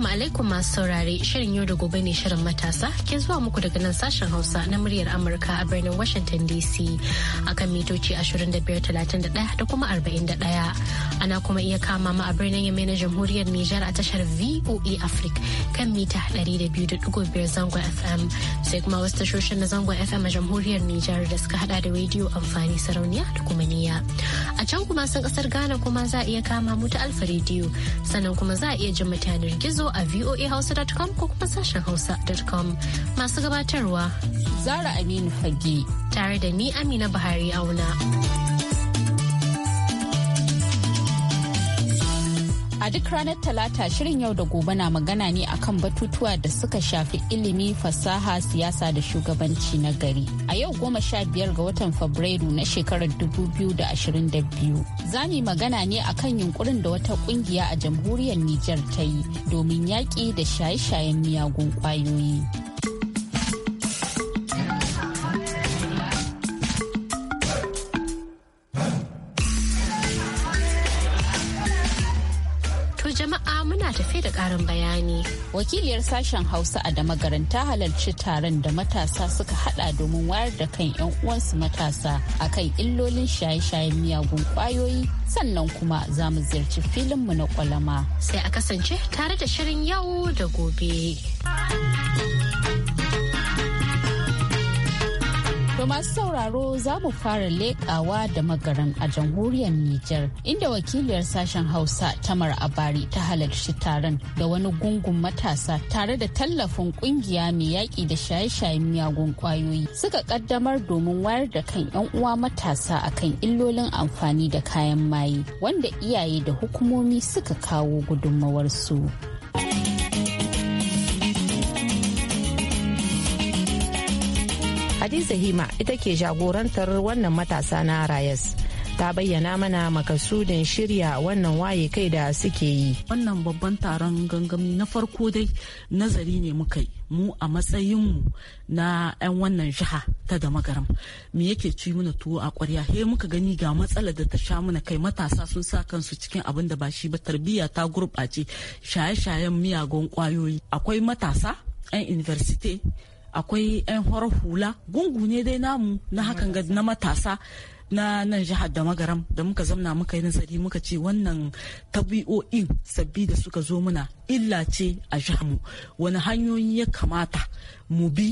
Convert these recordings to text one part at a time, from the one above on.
Assalamu alaikum masu saurare shirin yau da gobe ne shirin matasa ke zuwa muku daga nan sashen Hausa na muryar Amurka a birnin Washington DC a kan mitoci 2531 da kuma 41. Ana kuma iya kama ma a birnin Yamai na Jamhuriyar Nijar a tashar VOA Africa kan mita 200.5 zangon FM sai kuma wasu tashoshin na zangon FM a Jamhuriyar Nijar da suka hada da rediyo amfani sarauniya da kuma niyya. A can kuma san kasar Ghana kuma za a iya kama mu ta Alfa rediyo sannan kuma za a iya jin mutanen gizo a voahausa.com ko kuma sashen hausa.com masu gabatarwa. Zara Aminu Fagge Tare da ni Amina Buhari Auna. A duk ranar Talata shirin yau da gobe na magana ne akan batutuwa da suka shafi ilimi, fasaha, siyasa da shugabanci na gari. A yau goma sha biyar ga watan Fabrairu na shekarar dubu biyu da ashirin da biyu. Za mu magana ne akan yunkurin da wata kungiya a jamhuriyar Nijar ta yi domin yaƙi da shaye-shayen miyagun ƙwayoyi. karin bayani wakiliyar sashen hausa a garin ta halarci taron da matasa suka hada domin wayar da kan 'yan uwansu matasa akan illolin shaye-shayen miyagun kwayoyi sannan kuma za mu ziyarci mu na kwalama sai a kasance tare da shirin yau da gobe. To masu sauraro za mu fara leƙawa da magaran a jamhuriyar Nijar inda wakiliyar sashen Hausa Tamar Abari ta halarci taron da wani gungun matasa tare da tallafin kungiya mai yaƙi da shaye-shayen miyagun kwayoyi suka kaddamar domin wayar da kan 'yan uwa matasa akan illolin amfani da kayan maye wanda iyaye da hukumomi suka kawo gudunmawar su. hadiza hima ita ke jagorantar wannan matasa na rayas ta bayyana mana makasudin shirya wannan waye kai da suke yi. Wannan babban taron gangami na farko dai nazari ne muka yi mu a matsayinmu na 'yan wannan jiha ta da magaram. Me yake ci mana tuwo a ƙwarya he muka gani ga matsalar da ta sha mana kai matasa sun sa kansu cikin abin da ba shi ba tarbiyya ta gurɓace shaye-shayen miyagun ƙwayoyi. Akwai matasa 'yan university akwai 'yan horar hula gungu ne dai namu na hakan ga na matasa na nan jihar da magaram da muka zamna muka yi nazari muka ce wannan tabi'o'in sabbi da suka zo muna illa ce a jihar mu wani hanyoyi ya kamata mu bi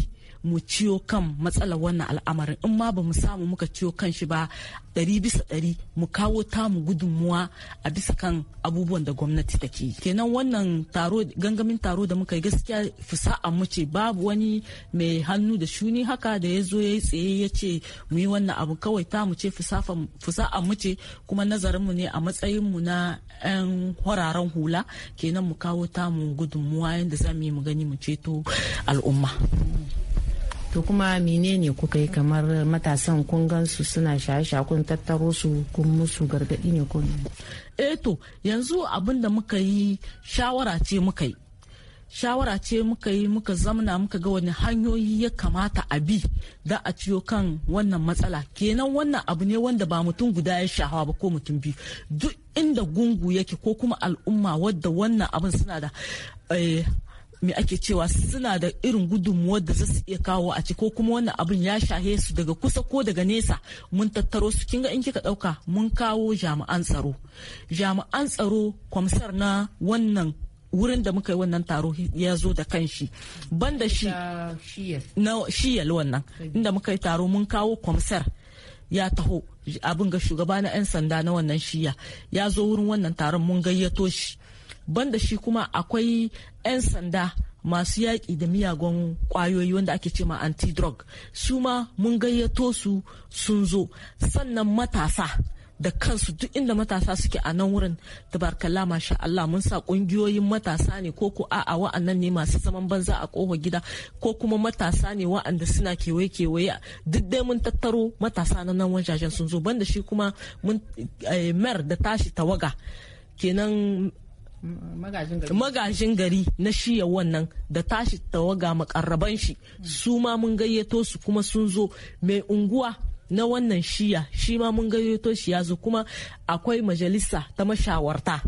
mu ciyo kan matsalar wannan al'amarin in ma ba mu samu muka ciyo kan shi ba ɗari bisa ɗari mu kawo tamu gudunmuwa a bisa kan abubuwan da gwamnati take kenan wannan taro gangamin taro da muka yi gaskiya fusa'a mu ce babu wani mai hannu da shuni haka da ya zo ya yi tsaye ya ce mu yi wannan abu kawai tamu ce fusa'a mu ce kuma nazarin mu ne a matsayin mu na 'yan kwararren hula kenan mu kawo tamu gudunmuwa yadda za mu yi mu gani mu ceto al'umma. to kuma menene kuka yi kamar matasan kun gansu suna shaye-shaye kun tattaro su kun musu gargadi ne kun eh to yanzu abin da muka yi shawara ce muka yi shawara ce muka yi muka zamna muka ga wani hanyoyi ya kamata a bi da a ciyo kan wannan matsala kenan wannan abu ne wanda ba mutum guda ya shahawa ba ko mutum biyu duk inda gungu yake ko kuma al'umma wadda wannan abin suna da eh, me ake cewa suna da irin gudunmuwar da za su iya kawo a ko kuma wannan abin ya shahe su daga kusa ko daga nesa mun tattaro su kinga in kika dauka mun kawo jami'an tsaro jami'an tsaro kwamsar na wannan wurin da muka yi wannan taro ya zo da kanshi banda shi na shiyal wannan inda muka yi taro mun kawo kwamsar ya taho abin ga shugaba na 'yan sanda na wannan shiya ya zo wurin wannan taron mun gayyato shi banda shi kuma akwai 'yan sanda masu yaƙi da miyagun ƙwayoyi wanda ake ce ma anti-drug su ma mun gayyato su sun zo sannan matasa da kansu duk inda matasa suke a nan wurin tabarkala masha Allah mun sa kungiyoyin matasa ne ko ku a'a wa'annan ne masu zaman banza a ƙofa gida ko kuma matasa ne wa'anda suna kewaye kewaye duk dai mun tattaro matasa na nan wajajen sun zo banda shi kuma mun eh, mer da tashi tawaga kenan magajin gari na shiya wannan da tashi tawaga makarraban shi su ma mun gayyato su kuma sun zo mai unguwa na wannan shiya shi ma mun gayyato shi ya zo kuma akwai majalisa ta mashawarta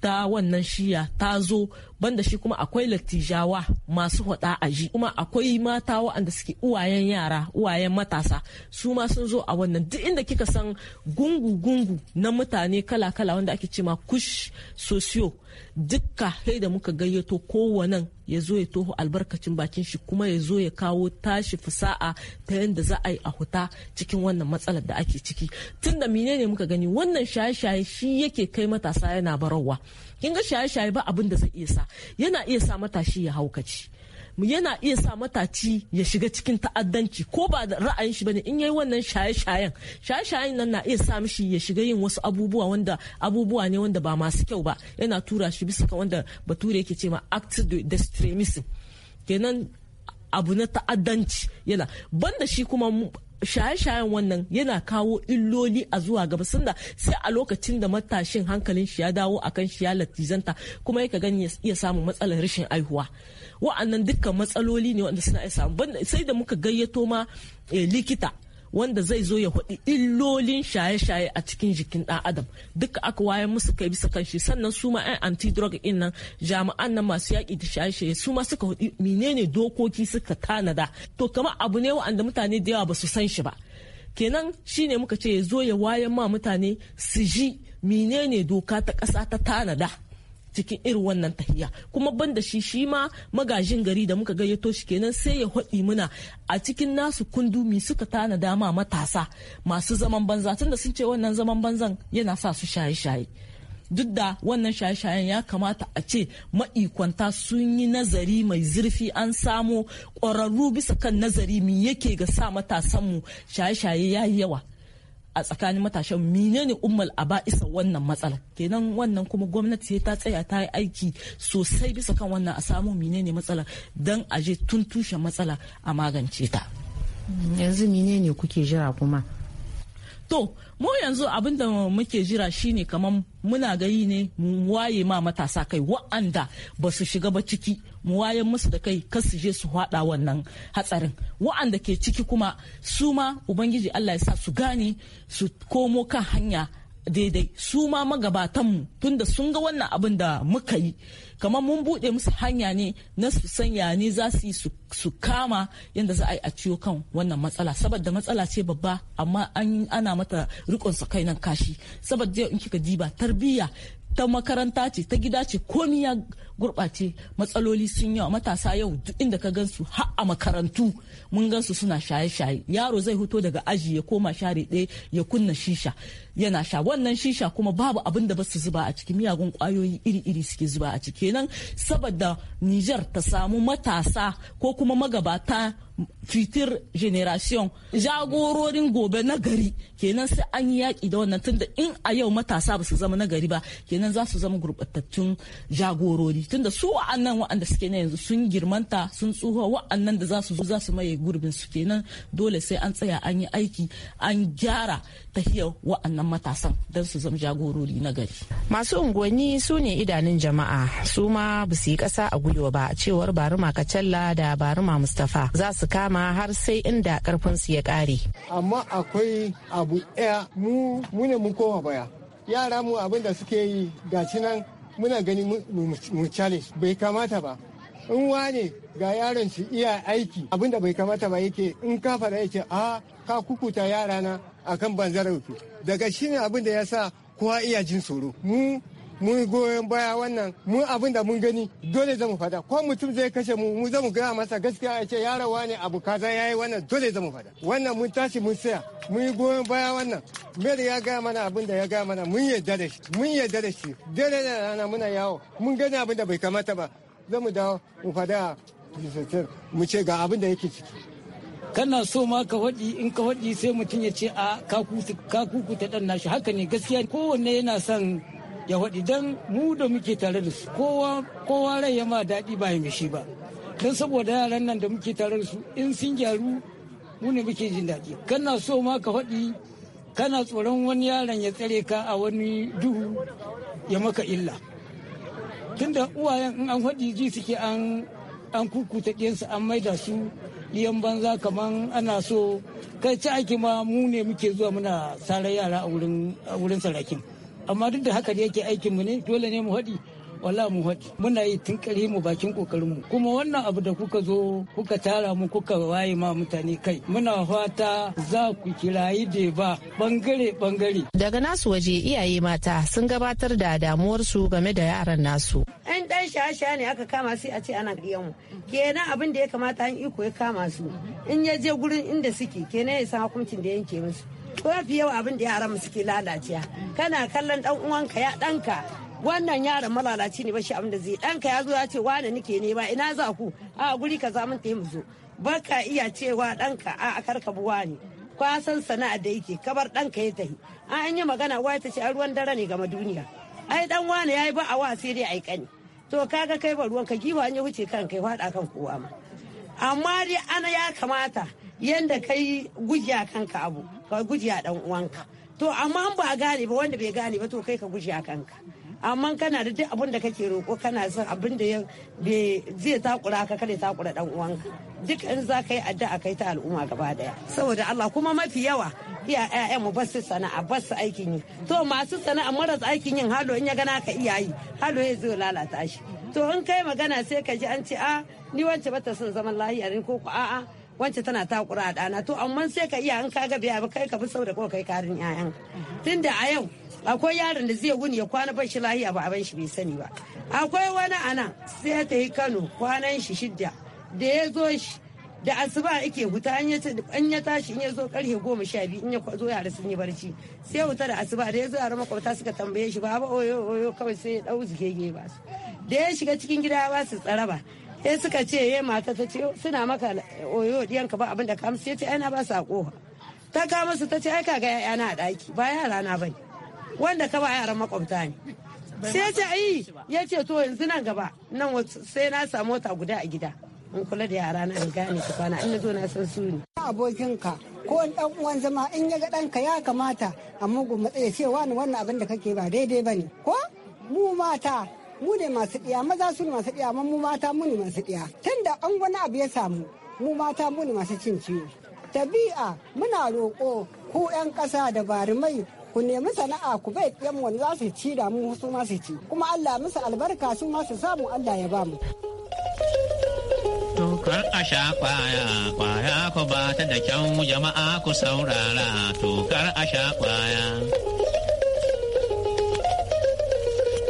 ta wannan shiya ta zo banda shi kuma akwai latijawa masu hada ji kuma akwai mata waɗanda suke uwayen yara uwayen matasa su ma sun zo a wannan duk inda kika san gungu-gungu na mutane kala-kala wanda ake ce ma kush socio dukka sai da muka gayyato kowanan ya zo ya toho albarkacin bakin shi kuma ya zo ya kawo tashi fasa'a ta yadda za a yi a huta cikin wannan matsalar da ake ciki tun da menene muka gani wannan shaye-shaye shi yake kai matasa yana barawa kin ga shaye-shaye ba abin da zai iya sa yana iya sa matashi ya haukaci mu yana iya sa mataci ya shiga cikin ta'addanci ko ba da ra'ayin shi bane in yayi wannan shaye-shayen shaye-shayen nan na iya sa mishi ya shiga yin wasu abubuwa wanda abubuwa ne wanda ba masu kyau ba yana tura shi bisa wanda bature yake ce ma act the extremism kenan abu na ta'addanci yana banda shi kuma shaye-shayen wannan yana kawo illoli a zuwa gaba sannan sai a lokacin da matashin hankalin shi ya dawo akan shi ya latizanta kuma yaka gani iya samun matsalar rashin aihuwa wa'annan dukkan matsaloli ne wanda suna iya samu sai da muka gayyato ma eh, likita wanda zai zo ya hudu illolin shaye-shaye a cikin jikin ɗan adam duka aka waye musu kai bisa kan shi sannan su ma 'yan anti drug in nan jami'an nan masu yaƙi da shaye-shaye su ma suka hudu menene dokoki suka tanada to kamar abu ne wa'anda mutane da yawa ba su san shi ba kenan shine muka ce ya zo ya waya ma mutane su ji menene doka ta ƙasa ta tanada cikin irin wannan tahiya kuma ban da shi shi ma magajin gari da muka gayyato shi kenan sai ya haɗi muna a cikin nasu kundumi suka tana dama matasa masu zaman banza tunda sun ce wannan zaman banzan yana sa su shaye-shaye duk da wannan shaye-shayen ya kamata a ce ma'ikwanta sun yi nazari mai zurfi an samo ƙwararru bisa kan nazari mi yake ga sa matasanmu shaye-shaye ya yi yawa a tsakanin matashan menene ummal a ba'isa wannan matsala kenan wannan kuma gwamnati ta tsaya ta yi aiki sosai bisa kan wannan a samu menene matsala don a je tun tushen matsala a magance ta yanzu menene kuke jira kuma to mu yanzu abin da muke jira shine kamar muna gayi ne mu waye ma matasa kai wa'anda ba su shiga ba ciki mu wayan musu da kai kar su je su hada wannan hatsarin wa'anda ke ciki kuma su ma ubangiji Allah ya sa su gane su komo kan hanya daidai su ma magabatanmu tunda sun ga wannan abin da muka yi kamar mun buɗe musu hanya ne na su sanya ne za su yi su kama yadda za a yi a ciyo kan wannan matsala saboda matsala ce babba amma ana mata rikon sa kai nan kashi saboda in kika diba tarbiyya ta makaranta ce ta gida ce komi ya gurɓace matsaloli sun yawa matasa yau duk inda ka gansu har a makarantu mun gansu suna shaye-shaye yaro zai fito daga aji ya koma share ɗaya ya kunna shisha yana sha wannan shisha kuma babu abin da basu zuba a ciki miyagun kwayoyi iri-iri suke zuba a ciki kenan saboda Nijar ta samu matasa ko kuma magabata fitir generation jagororin gobe na gari kenan sai an yi yaƙi da wannan tunda in a yau matasa ba su zama na gari ba kenan za su zama gurɓatattun jagorori tunda su wa'annan wa'anda suke na yanzu sun girmanta sun tsuhuwa wa'annan da za su zo za su maye gurbin su kenan dole sai an tsaya an yi aiki an gyara tahiyar wa'annan matasan don su zama jagorori na gari masu unguwanni su ne idanun jama'a su ma ba su yi ƙasa a gwiwa ba cewar baruma kacalla da baruma mustafa za su kama har sai inda karfinsu ya ƙare. Amma akwai abu ɗaya mu muna mun koma baya. Yara mu abin da suke yi gaci nan muna gani mu challenge bai kamata ba. In wane ga yaron shi iya aiki abin da bai kamata ba yake in ka fara yake a ka kukuta yarana akan banzarauki. Daga shi ne abin da ya sa kowa iya jin tsoro. Mu mun goyon baya wannan mun abin da mun gani dole zamu fada ko mutum zai kashe mu mu zamu gaya masa gaskiya a ce yarawa ne abu kaza yayi wannan dole zamu fada wannan mun tashi mun saya mun yi goyon baya wannan Mary ya gaya mana abin da ya gaya mana mun yarda da shi mun yarda da shi dole da rana muna yawo mun gani abin da bai kamata ba zamu dawo mu fada mu ce ga abin da yake ciki kana so ma ka waɗi in ka waɗi sai mutum ya ce a ta ɗan nashi haka ne gaskiya kowanne yana son ya waɗi don mu da muke tare da su kowa rai ya ma daɗi ba ya mishi ba don saboda yaran nan da muke tare da su in sun gyaru mu ne muke jin daɗi kana so ma ka faɗi kana tsoron wani yaron ya tsare ka a wani duhu ya maka illa tunda uwayen in an faɗi ji suke an an kukuta ɗiyansu an maida su liyan banza kamar ana so kai ci ake ma mu ne muke zuwa muna sarar yara a wurin sarakin amma duk da haka da yake aikin mu ne dole ne mu haɗi wala mu haɗi muna yi tun mu bakin ƙoƙarin mu kuma wannan abu da kuka zo kuka tara mu kuka waye ma mutane kai muna fata za ku kirayi da ba bangare bangare daga nasu waje iyaye mata sun gabatar da damuwarsu game da yaran nasu an dan shasha ne aka kama sai a ce ana mu kenan abin da ya kamata an iko ya kama su in ya je gurin inda suke kenan ya san hukuncin da yanke musu ko fi yawa abin da yaran mu suke lalaciya kana kallon dan uwanka ya danka wannan yaron malalaci ne ba shi abin da zai danka ya zo ya ce wane nake ba ina za ku a guri za mun mu zo baka iya cewa danka a karka buwa ne kwasan sana'a da yake kabar danka ya tahi an yi magana wai ta ce ruwan dare ne game duniya ai dan wane yayi ba a wa sai dai ai kani to kaga kai ba ruwan ka giwa an yi wuce kan kai kan kowa ma amma dai ana ya kamata yanda kai guji a kanka abu ka guji a dan uwanka to amma ba a gane ba wanda bai gane ba to kai ka guji a kanka amma kana da duk abin da kake roƙo kana son abin da zai takura ka kada takura dan uwanka duk in za ka yi addu'a kai ta al'umma gaba daya saboda Allah kuma mafi yawa iya ƴaƴan mu basu sana'a basu aikin yi to masu sana'a maras aikin yin halo in ya gana ka iya yi halo ya zo lalata shi to in kai magana sai ka ji an ce a ah, ni wance bata son zaman lahiya ne ko ku a'a wacce tana takura a ɗana to amma sai ka iya an kaga biya ba kai ka bi saboda ko kai karin tun da a yau akwai yaron da zai wuni ya kwana ban shi lahiya ba abin shi bai sani ba akwai wani ana sai ta yi Kano kwanan shi shidda da ya zo shi da asuba ake huta an ya tashi in ya zo karfe goma sha biyu in ya zo yara sun yi barci sai huta da asuba da ya zo yara makwabta suka tambaye shi ba oyo oyo kawai sai ya dau zigege ba da ya shiga cikin gida ba su tsara ba in suka ce ya mata ta ce suna maka oyo diyanka ba abin da ka musu ce aina ba a ta ka musu ta ce ai ka ga yana a daki ba yara na bane wanda ka ba yaran makwabta ne sai ce ayi ya ce to yanzu nan gaba nan sai na samu wata guda a gida in kula da yara na in gane su kwana in zo na san su ne abokinka ko dan uwan zama in ya ga danka ya kamata amma gumatsa ya ce wani wannan abin da kake ba daidai bane ko mu mata mu ne masu ɗiya maza su ne masu ɗiya mu mata mu ne masu ɗiya tunda an wani abu ya samu mu mata mu ne masu cin ciwo tabi'a muna roƙo ku 'yan ƙasa da barimai ku nemi sana'a ku bai ɗiyan wani za su ci da mu su ma su ci kuma Allah musu albarka su ma su samu Allah ya ba mu. Tukar a sha kwaya, kwaya ku ba ta da kyau jama'a ku saurara, tukar a sha kwaya.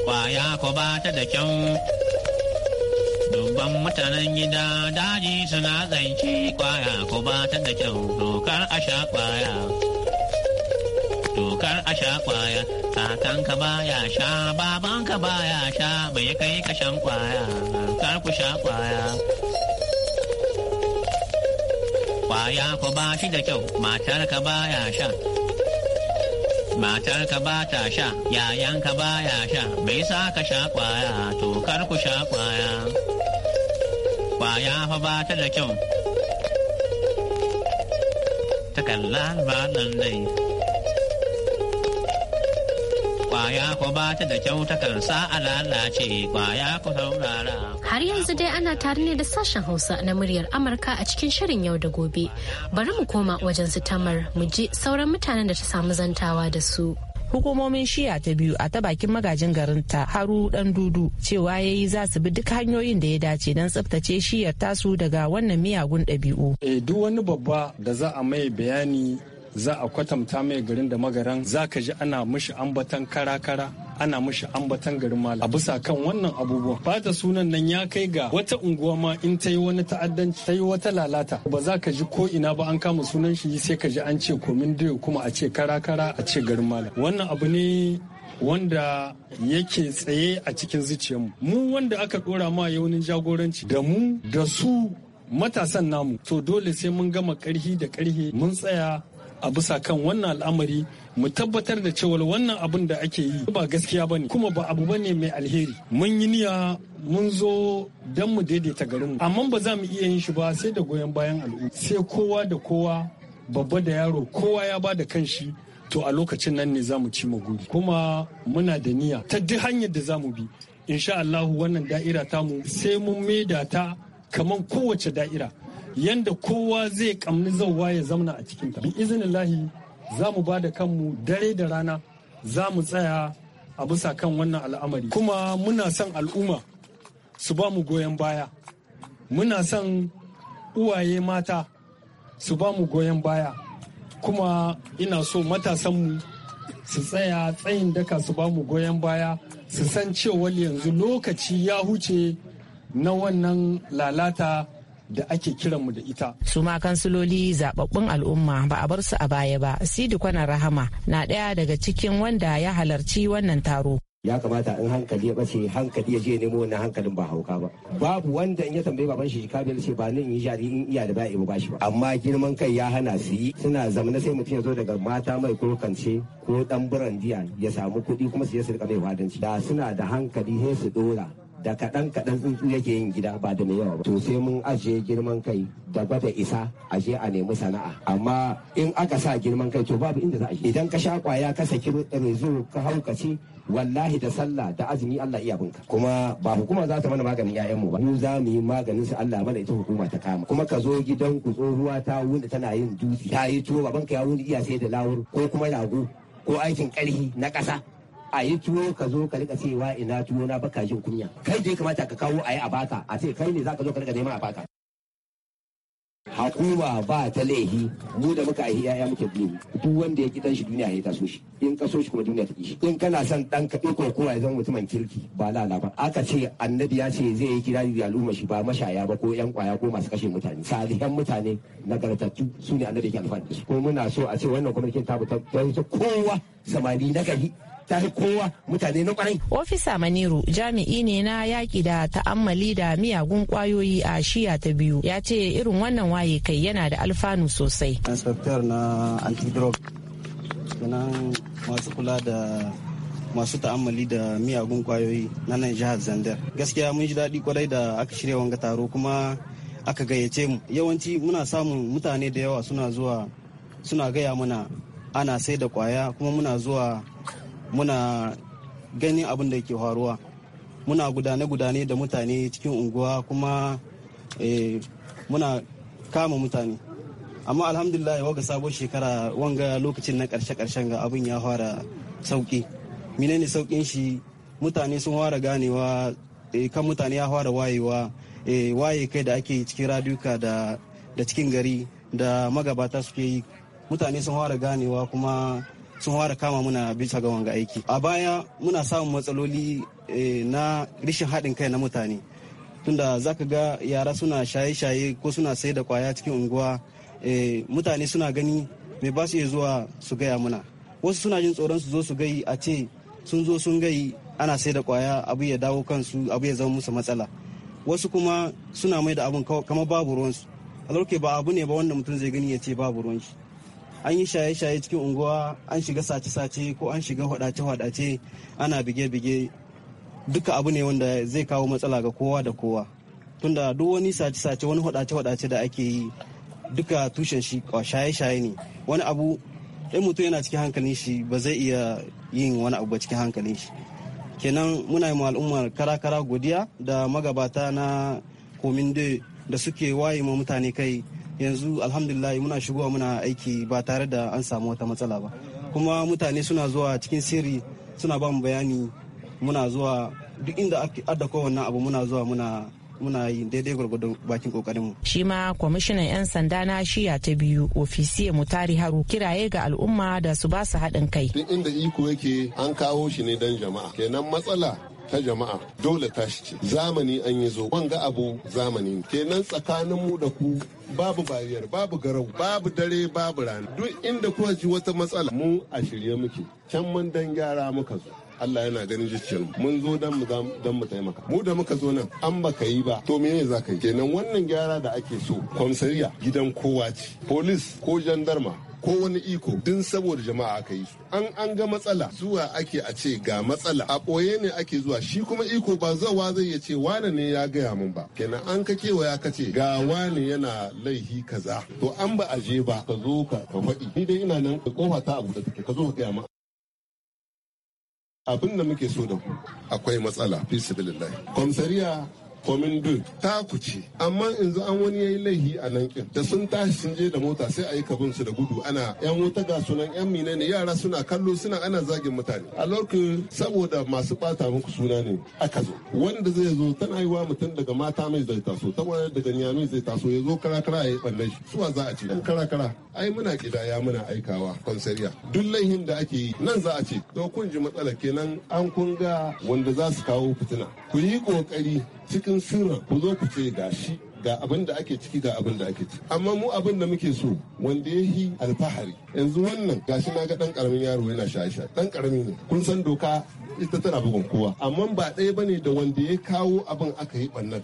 kwaya ko ba ta da kyau. Dubban mutanen gida daji suna zance kwaya ko ba ta da kyau dokar a sha kwaya. Dokar a sha kwaya, kakanka ya sha, babanka ya sha, bai kai kashan kwaya, kar ku sha kwaya. Kwaya ko ba shi da kyau, matar ka ba ya sha, ka ba ta sha yayanka ba ya sha bai sa ka sha kwaya to kar ku sha kwaya kwaya fa ba ta da kyau ta ba nan dai kwaya ko ba ta da kyau takan sa a lalace kwaya ku saurara Har yanzu dai ana tare ne da sashen Hausa na muryar Amurka a cikin shirin yau da gobe. Bari mu koma wajen su tamar mu ji sauran mutanen da ta samu zantawa da su. hukumomin shiya ta biyu a ta bakin magajin garin ta haru dan dudu cewa ya yi za su bi duk hanyoyin da ya dace don tsabtace shiyar tasu daga wannan miyagun ɗabi'u. E, duk wani babba da za a mai bayani za a kwatanta mai garin da magaran za ka ji ana mishi ambatan kara-kara ana mashi ambatan garin malam a bisa kan wannan abubuwan bata sunan nan ya kai ga wata unguwa ma in ta yi wani ta'addanci ta yi wata lalata ba za ka ji ko ina ba an kama sunan shi sai ka ji an ce komin dai kuma a ce kara kara a ce garin malam wannan abu ne wanda yake tsaye a cikin zuciyarmu mu wanda aka ɗora ma yaunin jagoranci da mu da su matasan namu to dole sai mun gama karhi da karhi mun tsaya a bisa kan wannan al'amari mu tabbatar da cewa wannan abun da ake yi ba gaskiya bane, kuma ba abu bane mai alheri mun yi niyya mun zo don mu daidaita garinmu amma ba za mu iya yin shi ba sai da goyon bayan al'umma sai kowa da kowa babba da yaro kowa ya ba da kanshi to a lokacin nan ne za mu ci guri kuma muna da niyya ta duk hanyar da za mu bi insha Allahu wannan da'ira tamu sai mun maida ta kamar kowace da'ira yanda kowa zai kamni zauwa ya zamna a cikin ta bi izinillahi za mu ba da kanmu dare da rana za mu tsaya a bisa kan wannan al'amari kuma muna son al'umma su ba mu goyon baya muna son uwaye mata su ba mu goyon baya kuma ina so matasanmu su tsaya tsayin daka su ba mu goyon baya su san cewa yanzu lokaci ya huce na wannan lalata da ake kiranmu da ita. Su ma kansiloli zababbun al'umma ba a bar su a baya ba. Sidi Kwana Rahama na ɗaya daga cikin wanda ya halarci wannan taro. ya kamata in hankali ya ɓace hankali ya je nemo wannan hankalin ba hauka ba babu wanda in ya tambaye baban shi ka ce ba nan yi jari in iya da ba ba shi ba amma girman kai ya hana su yi suna zamana sai mutum ya zo daga mata mai kurkance ko dan burandiya ya samu kuɗi kuma su ya su riƙa mai fadanci da suna da hankali sai su dora da kaɗan kaɗan in yake yin gida ba da mai yawa ba to sai mun ajiye girman kai da gwada isa ajiye a nemi sana'a amma in aka sa girman kai to babu inda za a idan ka sha kwaya ka saki rezo ka haukaci wallahi da sallah da azumi Allah iya binka kuma ba hukuma za ta mana maganin yayan mu ba mu za mu yi maganin su Allah mana ita hukuma ta kama kuma ka zo gidan ku tsohuwa ta wuni tana yin dutse ta yi tuwo babanka ya wuni iya sai da lawur ko kuma rago ko aikin ƙarfi na ƙasa a yi tuwo ka zo ka rika cewa ina tuwo na baka jin kunya kai je kamata ka kawo a yi a baka a ce kai ne za ka zo ka rika neman a baka Hakuma ba ta laihi mu da muka yi yaya muke biyu duk wanda ya kidan shi duniya ya taso shi in ka so shi kuma duniya ta kishi. shi in kana son dan ka ɗauko kuma ya zama mutumin kirki ba lala ba aka ce annabi ya ce zai yi kira da al'umma shi ba mashaya ba ko yan kwaya ko masu kashe mutane salihan mutane nagartattu su ne annabi ke alfahari ko muna so a ce wannan gwamnatin ta ta kowa samani na gari ta fi kowa mutane na kwarai. Ofisa Maniru jami'i ne na yaƙi da ta'ammali da miyagun kwayoyi a shiya ta biyu ya ce irin wannan waye kai yana da alfanu sosai. Inspector na anti-drug sunan masu kula da masu ta'ammali da miyagun kwayoyi na nan jihar Zandar. Gaskiya mun ji daɗi kwarai da aka shirya wanga taro kuma aka gayyace mu. Yawanci muna samun mutane da yawa suna zuwa suna gaya mana ana sai da kwaya kuma muna zuwa muna ganin abin da ke faruwa muna gudane-gudane da mutane cikin unguwa kuma eh, muna kama mutane amma alhamdulillah waga sabon shekara wanga lokacin na karshe-karshen ga abin ya fara sauki menene saukin shi mutane sun fara ganewa eh, kan mutane ya fara wayewa eh, waye kai da ake cikin raduka da cikin gari da magabata suke yi mutane sun fara ganewa kuma sun fara kama muna bisa ga wanga aiki a baya muna samun matsaloli eh, na rishin haɗin kai na mutane tunda za ka ga yara suna shaye-shaye ko suna sai da kwaya cikin unguwa eh, mutane suna gani mai ba su iya zuwa su gaya muna wasu suna jin tsoron su zo su gai a ce sun zo sun gai ana sai da kwaya abu ya dawo kansu abu ya zama musu matsala wasu kuma suna mai da abun kamar babu ruwansu a ba abu ne ba wanda mutum zai gani ya ce babu ruwansu an yi shaye-shaye cikin unguwa an shiga sace-sace ko an shiga hudace-hudace ana bige-bige duka abu ne wanda zai kawo matsala ga kowa da kowa tunda duk wani sace-sace wani hudace-hudace da ake yi duka tushen shi shaye-shaye ne wani abu ɗan mutum yana cikin hankalin shi ba zai iya yin wani abu ba cikin hankalin shi kenan muna yi al'ummar kara-kara godiya da magabata na komin da suke waye ma mutane kai yanzu alhamdulillah muna shigowa muna aiki ba tare da an samu wata matsala ba kuma mutane suna zuwa cikin sirri suna ba mu bayani muna zuwa duk inda adda kowanne abu muna zuwa muna muna yi daidai gwargwadon bakin kokarinmu. Shi ma kwamishinan 'yan sanda na shiya ta biyu ofisiye mutari haru kiraye ga al'umma da su ba su haɗin kai. Duk inda iko yake an kawo shi ne don jama'a. Kenan matsala ta jama'a dole ta ce zamani an yi zo ga abu zamani kenan tsakanin mu da ku babu bariyar babu garau babu dare babu rana duk inda kuka ji wata matsala mu a shirye muke can mun dan gyara muka zo Allah yana ganin zuciyar mu mun zo dan mu dan mu taimaka mu da muka zo nan an baka yi ba to me za ka yi kenan wannan gyara da ake so komisariya gidan kowa ce police ko jandarma ko wani iko din saboda jama'a aka yi su an an ga matsala zuwa ake a ce ga matsala a ɓoye ne ake zuwa shi kuma iko ba zawa zai ya ce wane ne ya gaya min ba kenan an ka kewaya ka ce ga wane yana laihi kaza to an ba a je ba ka zo ka faɗi ni dai ina nan ka kofa ta abu da take ka zo ka gaya abin da muke so da ku akwai matsala fi sabilillah komsariya komin du ta ku amma yanzu an wani yayi laifi a nan kin da sun tashi sun je da mota sai ayi yi kabin su da gudu ana yan wuta ga sunan yan mine ne yara suna kallo suna ana zagin mutane a lokacin saboda masu bata muku suna ne aka zo wanda zai zo tana haihuwa mutum daga mata mai zai taso ta wani daga mai zai taso ya zo karakara ya yi ɓallon shi suwa za a ce kara kara ai muna kida ya muna aikawa konsariya duk laifin da ake yi nan za a ce to kun ji matsala kenan an kun ga wanda za su kawo fitina ku yi kokari cikin sirra ku zo ku ce ga shi ga abin da ake ciki ga abin da ake ciki amma mu abin da muke so wanda ya yi alfahari yanzu wannan gashi na ga dan karamin yaro yana sha dan karami ne kun san doka ita tana bugun kowa amma ba ɗaya bane da wanda ya kawo abin aka yi bannan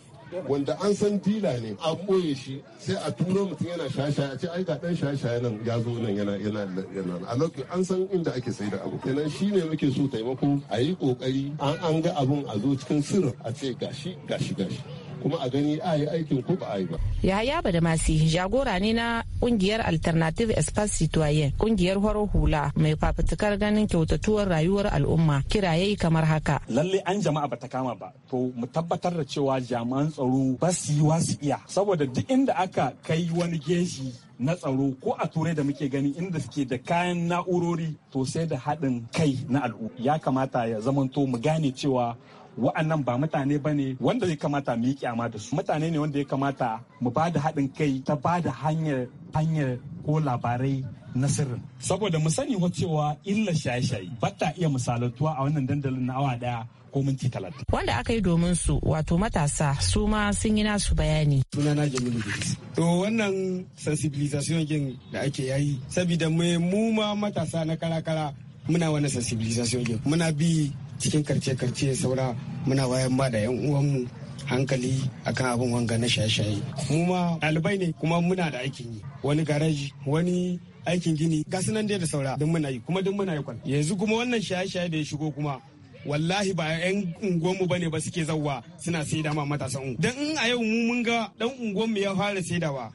wanda an san dila ne a ɓoye shi sai a turo mutum yana shashaya a ce ai ga dan shashaya nan ya zo nan yana yana yana a lokacin an san inda ake sai da abu kenan shi ne muke so taimako a yi kokari an an ga abun a zo cikin sirri a ce gashi gashi gashi kuma a gani a yi aikin ko ba a yi ba. Yahaya Badamasi jagora ne na kungiyar Alternative Espace Citoyen kungiyar horo hula mai fafutukar ganin kyautatuwar rayuwar al'umma kira kiraye kamar haka. Lalle an jama'a ba ta kama ba to mu tabbatar da cewa jami'an tsaro ba su yi su iya saboda duk inda aka kai wani geshi na tsaro ko a turai da muke gani inda suke da kayan na'urori to sai da haɗin kai na al'umma ya kamata ya zamanto mu gane cewa wa'annan ba mutane ba ne wanda ya kamata mu yi kyama da su mutane ne wanda ya kamata mu ba da haɗin kai ta ba da hanyar hanyar ko labarai na sirrin saboda mu sani wa cewa illar shaye-shaye ba ta iya misalatuwa a wannan dandalin na awa daya ko minti talatin. Wanda aka yi domin su wato matasa su ma sun yi nasu bayani. Sunana Jamilu Idris. To wannan sensibilisation din da ake yayi saboda mu ma matasa na kara-kara muna wani sensibilisation din muna bi cikin karce-karce saura muna bayan ba da 'yan uwanmu hankali akan abin wanga na shaye-shaye mu ma ɗalibai ne kuma muna da aikin yi wani garaji wani aikin gini gasu nan dai da saura duk muna yi kuma duk muna yi kwan yanzu kuma wannan shaye-shaye da ya shigo kuma wallahi ba yan unguwanmu bane ba suke zauwa suna saida ma matasan ungu dan in a yau mu mun ga dan unguwanmu ya fara saidawa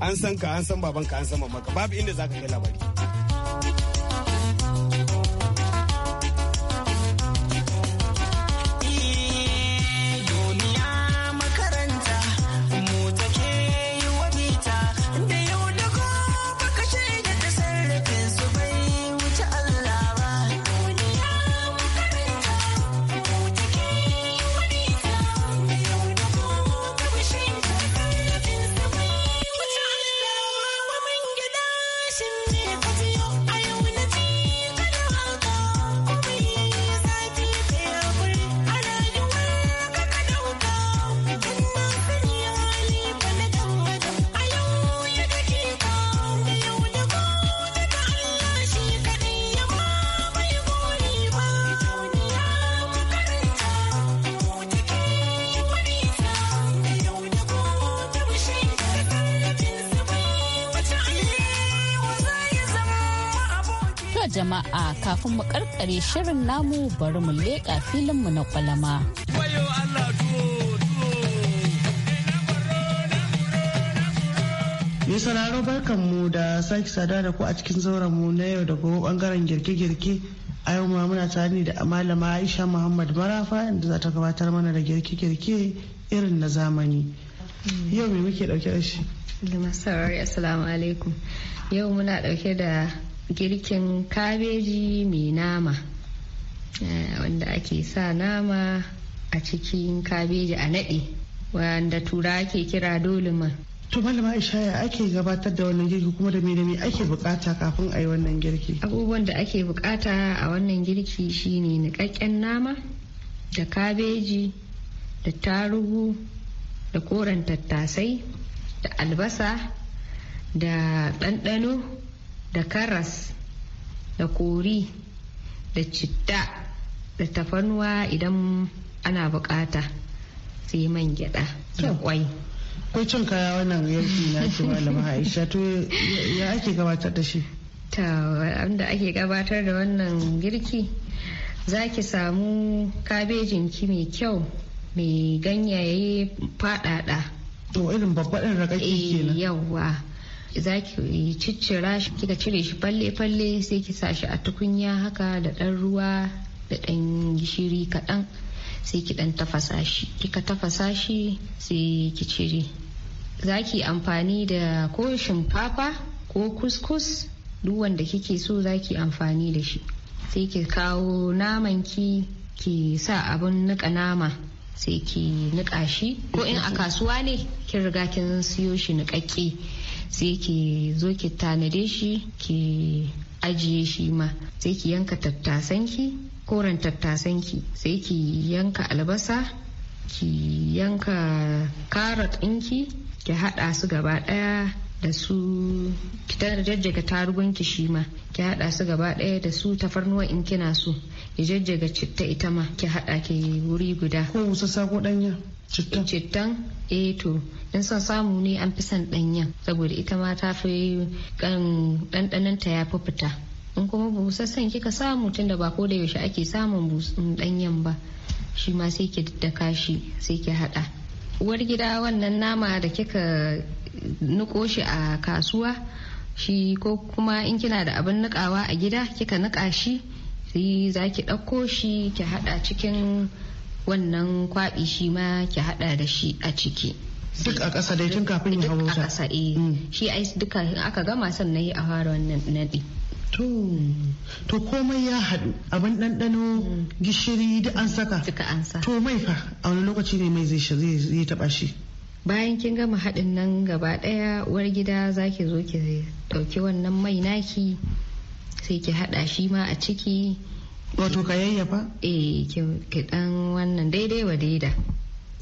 an san ka an san babanka an san mamaka babu inda zaka ga labari jama'a kafin mu karkare shirin namu bari mu leƙa filinmu na kwalama. Mai sauraro barkan mu da sake sada da ku a cikin zauren mu na yau da gobe bangaren girke-girke a yau ma muna tare ne da malama Aisha Muhammad Marafa inda za ta gabatar mana da girke-girke irin na zamani. Yau me muke dauke da shi? Masarari Assalamu alaikum. Yau muna dauke da girkin kabeji mai nama eh, wanda ake sa nama a cikin kabeji a naɗe wanda tura ake kira dolima to malama aisha ya ake gabatar da wannan girki kuma da me ake bukata kafin a yi wannan girki abubuwan da ake bukata a wannan girki shine nikakken nama da kabeji da tarugu da koren tattasai da albasa da ɗanɗano da karas da kori da citta da tafanuwa idan ana bukata sai man gyada da kwai kwai cin kaya wannan yanki na ce malama aisha to ya ake gabatar da shi ta wanda ake gabatar da wannan girki za ki samu kabejin ki mai kyau mai ganyaye fadada to irin babbaɗin ragaki eh, kenan yawwa za ki ciccira shi kika cire shi falle-falle sai ki sa shi a tukunya haka da ɗan ruwa da ɗan gishiri kaɗan sai ki ɗan tafasa shi kika tafasa shi sai ki cire za ki amfani da ko shinkafa ko kuskus duk wanda kike so za ki amfani da shi sai ki kawo naman ki ki sa abun niƙa nama sai ki niƙa shi ko in a kasuwa ne kin riga kin siyo shi niƙaƙƙe sai ki zo ki tanade shi ki ajiye shi ma sai ki yanka tattasan tattasanki koren ki sai ki yanka albasa ki yanka karat ɗinki ki haɗa su gaba ɗaya da su ki jajjaga tarugun ki shi ma ki haɗa su gaba ɗaya da su tafarnuwa in kina so ki jajjaga citta ita ma ki haɗa ki wuri guda ko wusa sako ɗanya cittan eh to in son samu ne an fi son danyen saboda ita ma ta fi ɗanɗanon ta ya fi fita in kuma busassan kika samu tunda ba ko da yaushe ake samun danyen ba shi ma sai ki daddaka shi sai ki haɗa uwar gida wannan nama da kika niko shi a kasuwa shi ko kuma in kina da abin nukawa a gida kika nuka shi sai zaki ki ɗauko shi ki haɗa cikin wannan kwaɓi shi ma ki haɗa da shi a ciki duk a ƙasa dai tun kafin ya hawo a ƙasa eh mm. shi ai duka aka gama sannan yi a fara wannan naɗi to komai ya haɗu abin ɗanɗano mm. gishiri da an saka an sa. to mai fa a wani lokaci ne mai zai zai taɓa shi bayan kin gama haɗin nan gaba ɗaya uwar gida za ki zo ki ɗauki wannan mai naki sai ki haɗa shi ma a ciki wato ka yayyafa eh ki dan wannan daidai wadida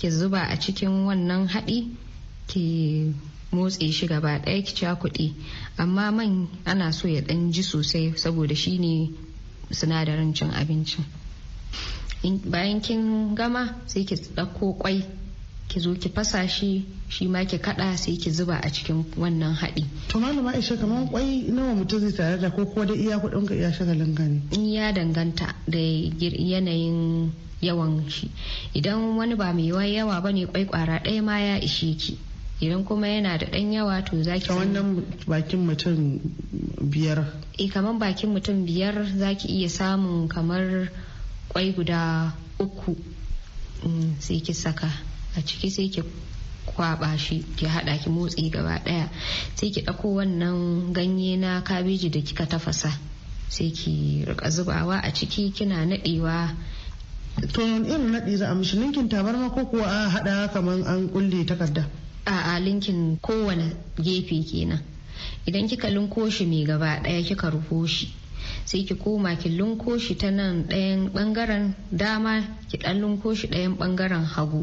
ki zuba a cikin wannan haɗi ki motsi shi gaba ɗaya ki kuɗi amma man ana so ya ɗan ji sosai saboda shi ne sinadarin cin abincin bayan kin gama sai ki ɗauko kwai ki zo ki fasa shi shi ma ki kada sai ki zuba a cikin wannan haɗi. To malama ishe kamar kwai nawa mutum zai tare da ko ko da iya kuɗin ka iya shagalin gani. In ya danganta da yanayin yawan shi idan wani ba mai yawa bane kwai kwara ɗaya ma ya ishe ki. idan kuma yana da ɗan yawa to za ki wannan bakin mutum biyar e kamar bakin mutum biyar za ki iya samun kamar kwai guda uku mm, sai ki saka a ciki sai ki kwaba shi ki hada ki motsi gaba daya sai ki dauko wannan ganye na kabeji da kika tafasa sai ki rika zubawa a ciki kina nadewa to irin nadi za a mishi linkin tabarma ko kuwa a hada kaman an kulle takarda a a linkin kowane gefe kenan idan kika linko shi mai gaba daya kika rufo shi sai ki koma ki lunko shi ta nan ɗayan ɓangaren dama ki ɗan lunko shi ɗayan ɓangaren hagu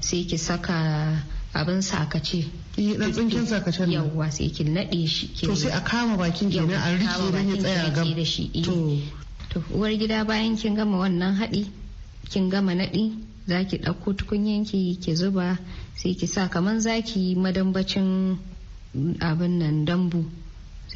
sai ki saka abin sakace ɗan tsinkin sakacen nan yawwa sai ki naɗe shi to sai a kama bakin kenan a rike don ya tsaya gam eh. to uwar gida bayan kin gama wannan haɗi kin gama nadi za ki ɗauko tukunyanki ki zuba sai ki sa kamar za ki madambacin abin nan dambu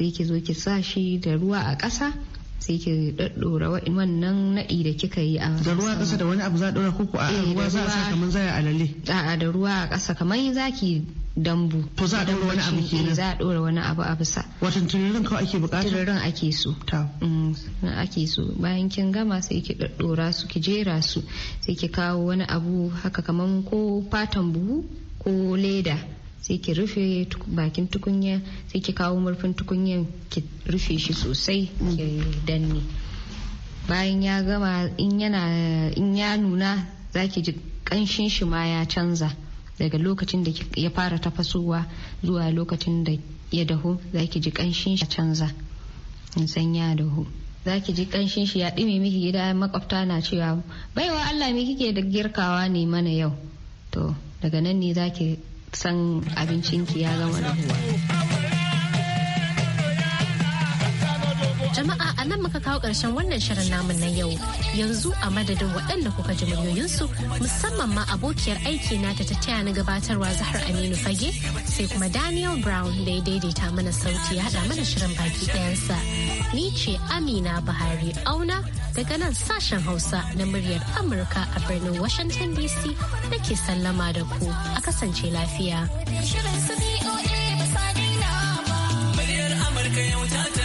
sai ki zo ki sa shi da ruwa a ƙasa sai ki daddora wannan naɗi da kika yi a da ruwa ƙasa da wani abu za a ɗora koko a eh, ruwa za a sa kamar zaya alale a'a da ruwa a ƙasa kamar za ki dambu to za a ɗora wani abu kenan za a ɗora wani abu a bisa watan tururin kawai ake bukata tururin ake so ta mm, na ake so bayan kin gama sai ki daddora su ki jera su sai ki kawo wani abu haka kamar ko fatan buhu ko leda sai ki rufe bakin tukunya sai ki kawo murfin tukunyan ki rufe shi sosai ki danne bayan ya gama in yana in ya nuna za ki ji kanshin shi ma ya canza daga lokacin da ya fara tafasowa zuwa lokacin da ya dahu za ki ji kanshin shi ya canza in san ya dahu za ki ji kanshin shi ya ɗume miki gida makwabta na cewa baiwa Allah me kike da girkawa ne mana yau to daga nan ne za ki san abincinki ya gama ruwa Jama'a a nan muka kawo ƙarshen wannan shirin namun na yau. Yanzu a madadin waɗanda kuka ji muryoyinsu musamman ma abokiyar aiki na ta tattaya na gabatarwa Zahar Aminu Fage sai kuma Daniel Brown da ya daidaita mana sauti ya haɗa mana shirin baki ɗayansa. Ni ce Amina Buhari Auna daga nan sashen Hausa na muryar Amurka a birnin Washington DC da ke sallama da ku a kasance lafiya. Muryar yau ta